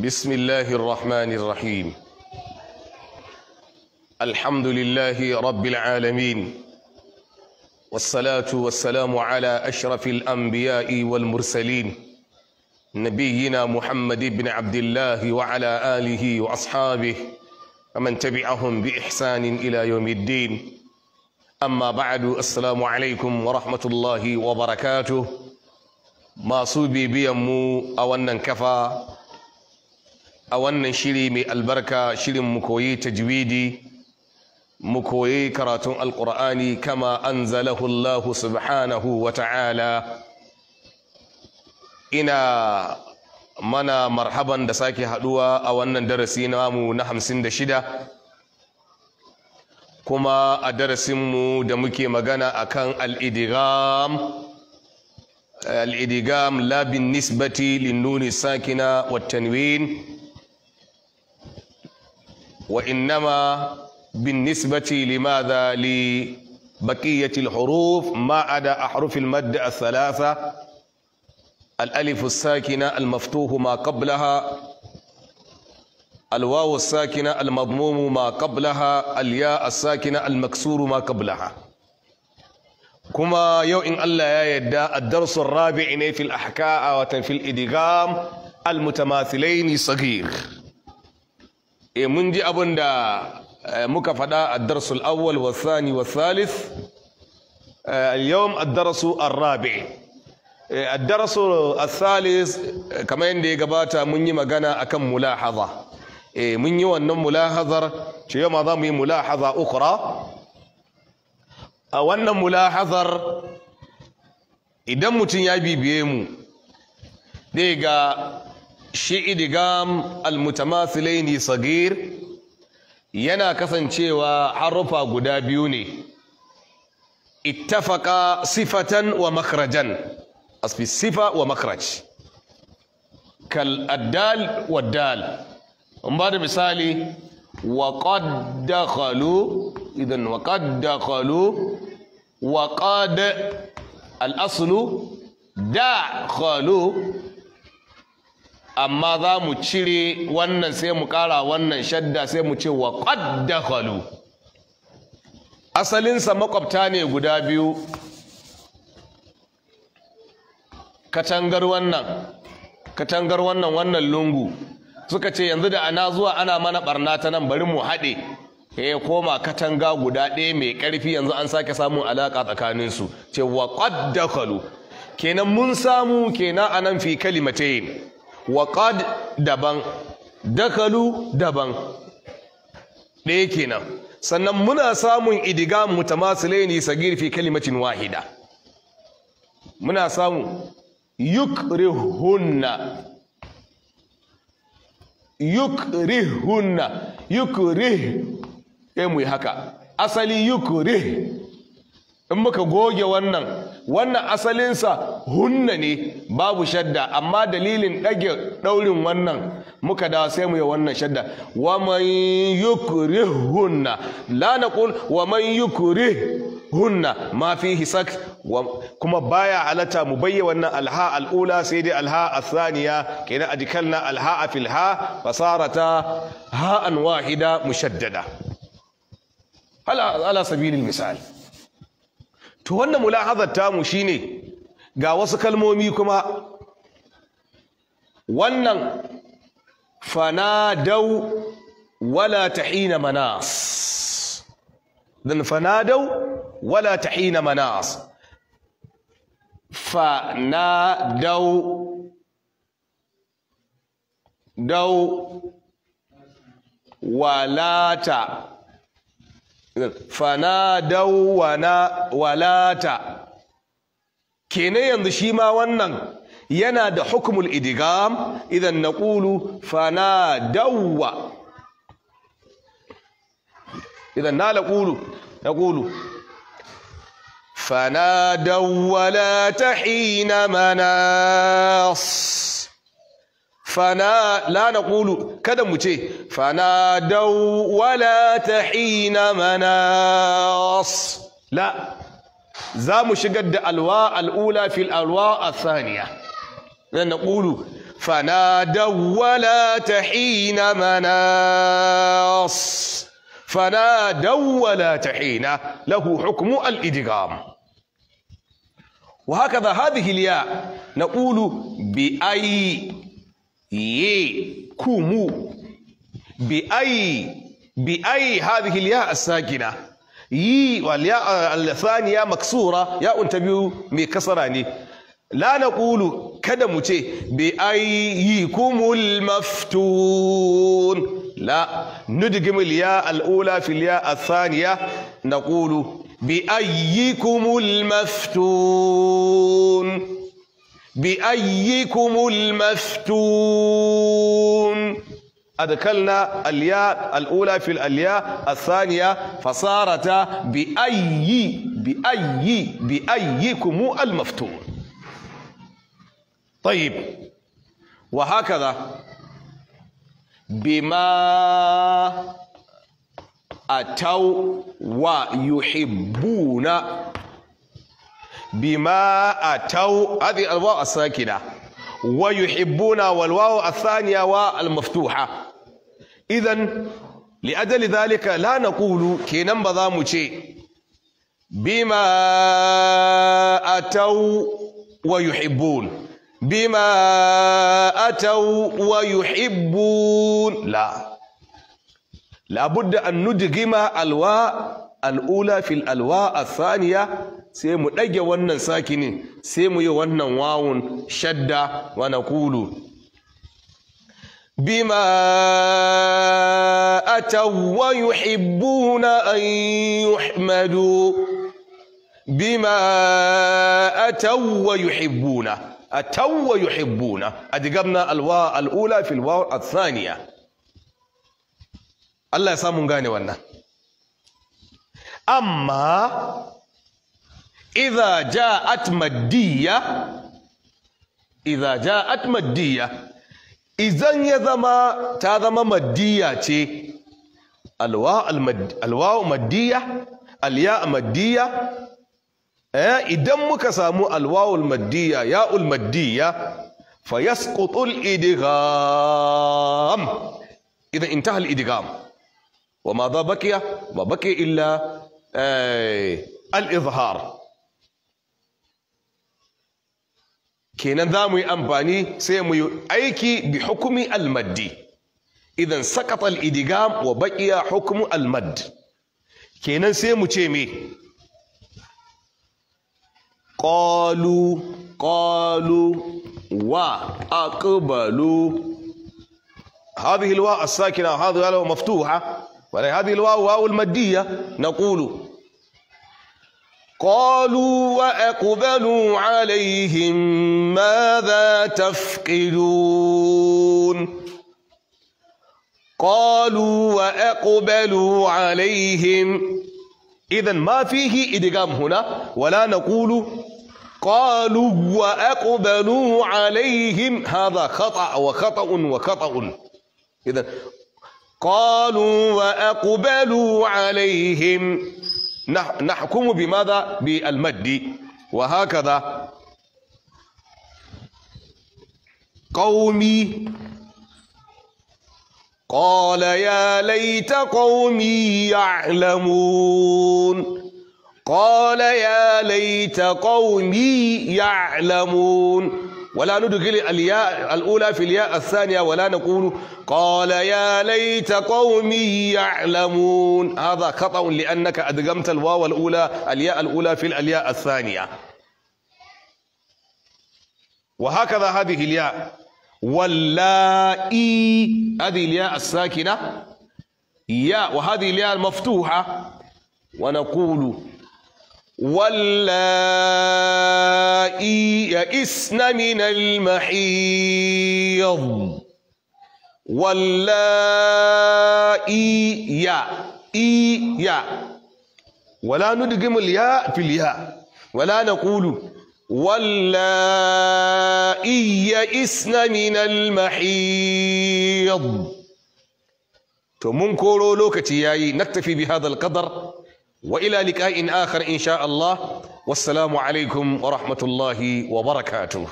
بسم الله الرحمن الرحيم الحمد لله رب العالمين والصلاة والسلام على أشرف الأنبياء والمرسلين نبينا محمد بن عبد الله وعلى آله وأصحابه ومن تبعهم بإحسان إلى يوم الدين أما بعد السلام عليكم ورحمة الله وبركاته ما صوبي بيمو أو أن كفى a wannan shiri mai albarka shirin mu koyi tajwidi mu koyi karatun alqur'ani kama anzalahu Allah subhanahu wa ta'ala ina mana marhaban da sake haduwa a wannan darasi namu na hamsin da shida kuma a darasinmu da muke magana akan al-idgham al-idgham la bin nisbati lin nuni sakina wat tanwin وإنما بالنسبة لماذا لبقية الحروف ما عدا أحرف المد الثلاثة الألف الساكنة المفتوح ما قبلها الواو الساكنة المضموم ما قبلها الياء الساكنة المكسور ما قبلها كما يو إن الله يا يدا الدرس الرابع في الأحكاء في الإدغام المتماثلين صغير e mun ji abin da eh, muka faɗa a darsul awwal wa sani wa salis eh, al-yawm ad-darasu ar-rabi salis kamar yadda ya gabata mun yi magana akan mulahaza eh mun yi wannan mulahazar ce yau ma za mu yi mulahaza ukra a wannan mulahazar idan mutum ya bibiye mu dai ga shi idigam almutamathilaini sagir yana kasancewa harufa guda biyu ne ittafaqa sifatan wa makhrajan asfi sifa wa makhraj kal addal wa dal in misali wa qad dakhalu idan wa qad dakhalu wa qad al aslu dakhalu amma za mu cire wannan sai mu kara wannan shadda sai mu ce wa qaddakhalu asalinsa makwabta ne guda biyu katangar wannan wannan lungu suka ce yanzu da ana zuwa ana mana barna ta nan bari mu haɗe eh, ya koma katanga guda ɗaya mai ƙarfi yanzu an sake samun alaƙa tsakaninsu ce wa qaddakalu kenan mun samu kenan anan fi kalimatayn wa daban dakalu daban ɗaya kenan sannan muna samun idigam laini sa fi kalimacin wahida muna samu yukrihunna yukrihunna yukrih ɗaya mu haka asali yukrih in muka goge wannan wannan asalin sa hunna ne babu shadda amma dalilin dage daurin wannan muka da sai mu yi wannan shadda wa man yukrihunna la naqul wa man yukrihunna ma fihi sak kuma baya alata mu bayya wannan alha al'ula sai dai alha athaniya kenan adikalna alha fil ha fasarata an wahida mushaddada hala ala sabilil misal to wannan mulahazar tamu shine ga wasu kalmomi kuma wannan fanadau wala tahina manas dan fanadau wala tahina manas fanadau dau walata نعم. فنادوا ونا ولاتا كينيا دشيما ونن ينادى حكم الادغام اذا نقول فنادوا اذا نقول نقول فنادوا ولاتا حين مناص فانا لا نقول كذا متي فانا دو ولا تحين مناص لا زام شقد الواء الاولى في الالواء الثانيه نقول فانا دو ولا تحين مناص فانا دو ولا تحين له حكم الادغام وهكذا هذه الياء نقول بأي ye kumu بأي بأي هذه الياء الساكنة ي والياء الثانية مكسورة ياء انتبهوا مكسراني لا نقول كذا متي بأيكم المفتون لا ندغم الياء الأولى في الياء الثانية نقول بأيكم المفتون بأيكم المفتون أدخلنا الياء الأولى في الألياء الثانية فصارت بأي بأي بأيكم المفتون طيب وهكذا بما أتوا ويحبون بما أتوا هذه الواو الساكنة ويحبون والواو الثانية والمفتوحة إذا لأجل ذلك لا نقول كي بذامو شيء بما أتوا ويحبون بما أتوا ويحبون لا لابد أن ندغم الواو الأولى في الألواء الثانية سيمو دجي ونن ساكني سيمو يو ونن واون شدة ونقول بما أتوا ويحبون أن يحمدوا بما أتوا ويحبون أتوا ويحبون أدقبنا الواء الأولى في الواء الثانية الله يسامون غاني ونن أما إذا جاءت مادية إذا جاءت مادية إذن يذما تذما مادية الواو المد الواو مادية الياء مادية إيه، إذا مكسامو الواو المادية ياء المادية فيسقط الإدغام إذا انتهى الإدغام وماذا بقي ما بقي إلا أي الإظهار كينان ذامي أمباني سيمي أيكي بحكم المد إذا سقط الإدغام وبقي حكم المد كينان سيمي تيمي قالوا قالوا وأقبلوا هذه الواء الساكنة هذه الواء مفتوحة هذه الواو واو المادية نقول قالوا وأقبلوا عليهم ماذا تفقدون قالوا وأقبلوا عليهم إذا ما فيه إدغام هنا ولا نقول قالوا وأقبلوا عليهم هذا خطأ وخطأ وخطأ إذا قالوا وأقبلوا عليهم نحكم بماذا بالمد وهكذا قومي قال يا ليت قومي يعلمون قال يا ليت قومي يعلمون ولا ندخل الياء الأولى في الياء الثانية ولا نقول قال يا ليت قومي يعلمون هذا خطأ لأنك أدغمت الواو الأولى الياء الأولى في الياء الثانية وهكذا هذه الياء واللائي هذه الياء الساكنة ياء وهذه الياء المفتوحة ونقول واللائي يئسن من المحيض ولا إيا إيا ولا ندغم الياء في الياء ولا نقول ولا إسن من المحيض تمنكرو لوكتي ياي نكتفي بهذا القدر وإلى لقاء آخر إن شاء الله والسلام عليكم ورحمة الله وبركاته